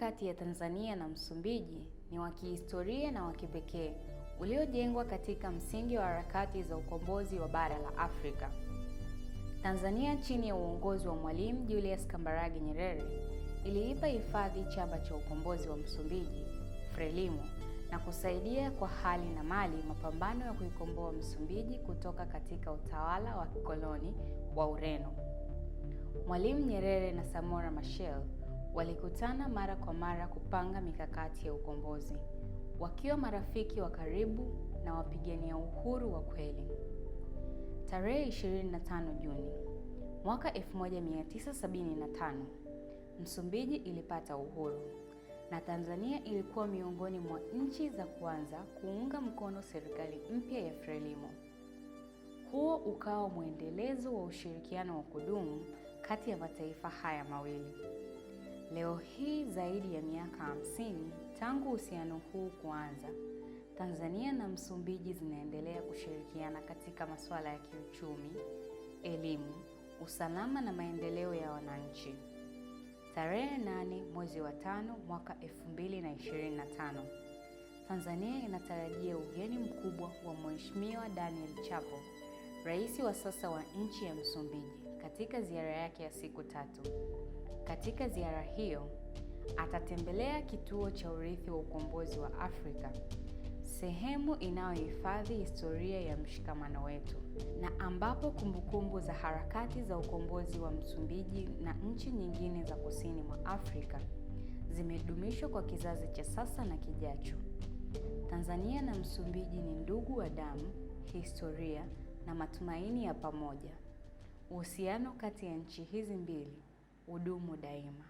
kati ya Tanzania na Msumbiji ni wa kihistoria na wa kipekee uliojengwa katika msingi wa harakati za ukombozi wa bara la Afrika. Tanzania chini ya uongozi wa Mwalimu Julius Kambarage Nyerere iliipa hifadhi chama cha ukombozi wa Msumbiji Frelimo na kusaidia kwa hali na mali mapambano ya kuikomboa Msumbiji kutoka katika utawala wa kikoloni wa Ureno. Mwalimu Nyerere na Samora Machel Walikutana mara kwa mara kupanga mikakati ya ukombozi, wakiwa marafiki wa karibu na wapigania uhuru wa kweli. Tarehe 25 Juni mwaka 1975, Msumbiji ilipata uhuru na Tanzania ilikuwa miongoni mwa nchi za kwanza kuunga mkono serikali mpya ya Frelimo. Huo ukawa mwendelezo wa ushirikiano wa kudumu kati ya mataifa haya mawili. Leo hii zaidi ya miaka hamsini tangu uhusiano huu kuanza, Tanzania na Msumbiji zinaendelea kushirikiana katika masuala ya kiuchumi, elimu, usalama na maendeleo ya wananchi. Tarehe nane mwezi wa tano mwaka tano Tanzania inatarajia ugeni mkubwa wa Mheshimiwa Daniel Chapo, rais wa sasa wa nchi ya Msumbiji katika ziara yake ya siku tatu. Katika ziara hiyo atatembelea kituo cha urithi wa ukombozi wa Afrika, sehemu inayohifadhi historia ya mshikamano wetu na ambapo kumbukumbu za harakati za ukombozi wa Msumbiji na nchi nyingine za kusini mwa Afrika zimedumishwa kwa kizazi cha sasa na kijacho. Tanzania na Msumbiji ni ndugu wa damu, historia na matumaini ya pamoja. Uhusiano kati ya nchi hizi mbili udumu daima.